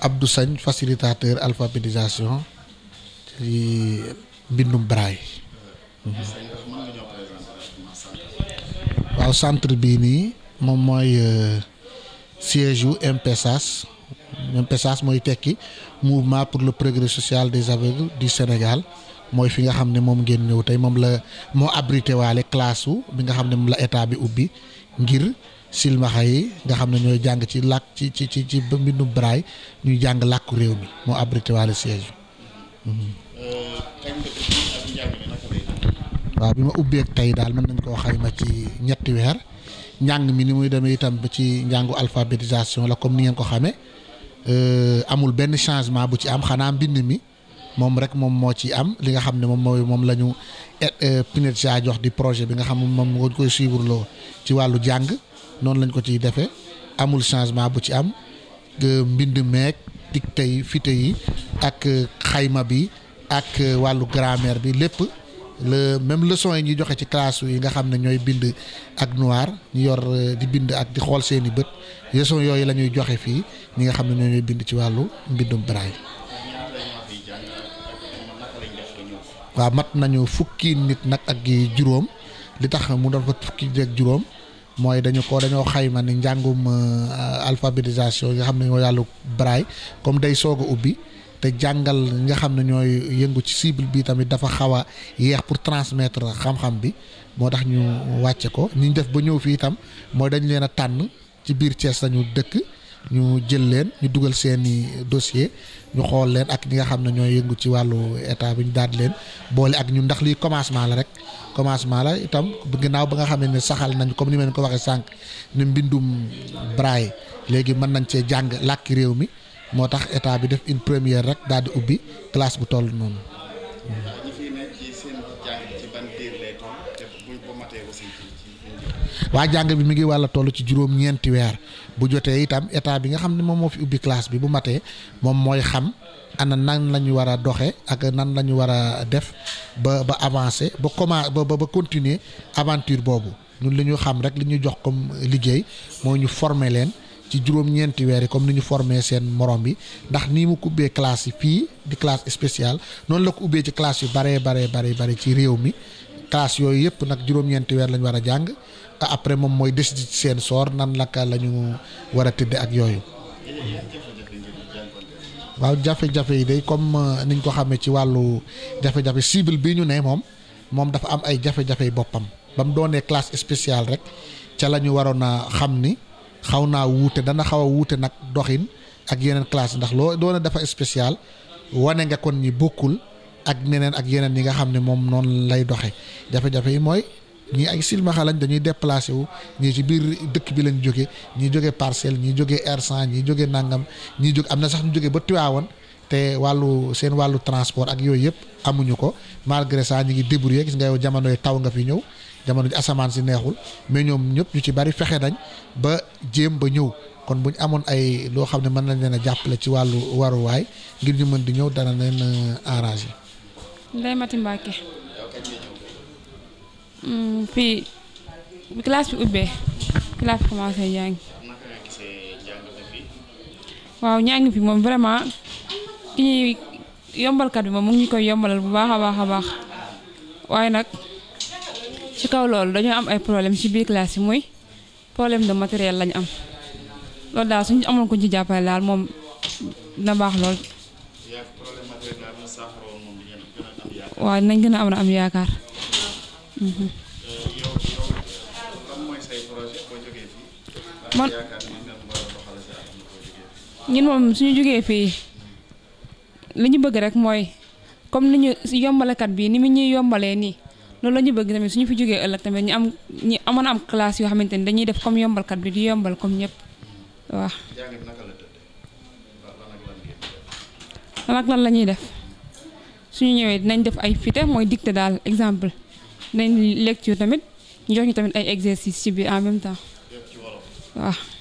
Abdou Sagne facilitateur alphabétisation ci mbindum braille. waaw centre bi nii moom mooy euh, siège wu MPSAS MPSAS mooy tekki mouvement pour le progrès sociale des aveugles du Sénégal mooy fi nga xam ne moom ngeen ñëw tey moom la moo abrité waale classe bi nga xam ne moom la état bi ubbi ngir. silmaxa yi nga xam ne ñooy jàng ci làkk ci ci ci ci mbindum braay ñuy jàng làkku réew mi moo abrité waale siège mhm. waaw bi ma ubbee tey daal mën nañ koo xayma ci ñetti weer njàng mi ni muy demee itam ci njàngu alphabétisation la comme ni ngeen ko xamee euh, amul benn changement bu ci am xanaa mbind mi moom rek moom moo ci am li nga xam ne moom mooy moom lañu ñu euh, PINEDJA jox di projet bi nga xam moom moo koy suivre loo ci wàllu jàng noonu lañ ko ci defe amul changement bu ci am mbind meeg dictée tey fité yi ak euh, xayma bi ak euh, wàllu grammaire bi lépp le même leçon yi ñuy joxe ci classe yi nga xam ne ñooy bind ak noir ñu yor euh, di bind ak di xool seeni bët leçon yooyu lañuy joxe fii ñi nga xam ne ñooy bind ci wàllu mbindum braille. waa mat nañu fukki nit nag ak juróom li tax mu doon fa fukki nit juróom. mooy dañu ko dañoo xayma ni njàngum euh, alphabétisation yi nga xam ne ñoo yàllu comme day soog a ubbi te jàngal ñi nga xam ne ñooy yëngu ci cible bi tamit dafa xaw a yeex pour transmettre xam-xam bi moo tax ñu wàcce ko ñu def ba ñëw fii itam mooy dañ leen a tànn ci biir Thiès sañu dëkk ñu jël leen ñu dugal seeni dossier ñu xool leen ak ñi nga xam ne ñooy yëngu ci wàllu état bi ñu daat leen boole ak ñun ndax lii commencement la rek commencement la itam naaw ba nga xam ne saxal nañ comme ni meen ko waxee sànq ni mbindum braille léegi mën nañ cee jàng làkki réew mi moo tax état bi def une première rek daal di ubbi classe bu toll noonu. waa jàng bi mi ngi wàlla toll ci juróom-ñeenti weer bu jotee itam état bi nga xam ne moom moo fi ubbi classe bi bu matee moom mooy xam ana nan la ñu war a doxe ak nan lañu ñu war a def ba ba avancer ba commencer ba ba continuer aventure boobu ñun li ñu xam rek li ñu jox comme liggéey moo ñu former leen ci juróom-ñeenti weer yi comme ni ñu formee seen morom bi ndax nii mu ubbee classe yi fii di classe spéciale noonu la ko ubbee ci classe yu baree baree baree bare ci réew mi classe yooyu yëpp nag juróom-ñeenti weer lañu war a jàng après moom mooy décider ci seen soor nan la ka la ñu war a tëdde ak yooyu. waaw jafe-jafe yi day comme euh, niñ ko xamee ci wàllu jafe-jafe cible bii ñu ne moom moom dafa am ay jafe-jafe boppam ba mu doonee classe spéciale rek ca la ñu waroon a xam ni. xaw naa wuute dana xaw a wuute nag doxin ak yeneen classe ndax loo doona dafa spécial wane nga kon ñi bokkul ak neneen ak yeneen yi nga xam ne moom noonu lay doxe jafe-jafe yi mooy ñii ay silmaxa lañ dañuy déplacé wu ñii ci biir dëkk bi lañ jóge ñii jóge parcelle ñii jóge R100 ñii jóge nangam ñii jóg am na sax ñu jóge ba Tiwaawan te wàllu seen wàllu transport ak yooyu yëpp amuñu ko malgré sax ñu ngi débrouillé gis nga yow jamonoy taw nga fi ñëw jamono ji asamaan si neexul mais ñoom ñëpp ñu ci bari fexe nañ ba jéem ba ñëw kon bu ñu amoon ay loo xam ne mën nañ leen a jàppale ci wàllu waruwaay ngir ñu mën di ñëw dana leen euh, arrangé. Ndeye Mati Mbacke hmm, fii bi classe bi ubbee classe bi commencé jàng waaw njàng bi moom vraiment ki ñuy yombalkat bi moom mu ngi koy yombalal bu baax a baax a baax waaye nag. ci kaw loolu dañoo am ay problème ci biir classe yi muy problème de matériel lañu am loolu daal suñu amoon ko ci jàppale daal moom na baax lool. waaw nañ gën a am na am yaakaar. Mhm. man ñun moom suñu jógee fii li ñu bëgg rek mooy comme ni ñu yombalekat bii ni mu ñuy yombalee nii. loolu la ñu bëgg tamit suñu fi jógee ëllëg tamit ñu am ñi amoon am classe yoo xamante ni dañuy def comme yombalkat bi di yombal comme ñëpp waaw. lan ak lan la ñuy def suñu ñëwee dinañ def ay fite mooy dicté daal exemple dinañ lecture tamit ñu jox ñu tamit ay exercice ci biir en même temps waaw.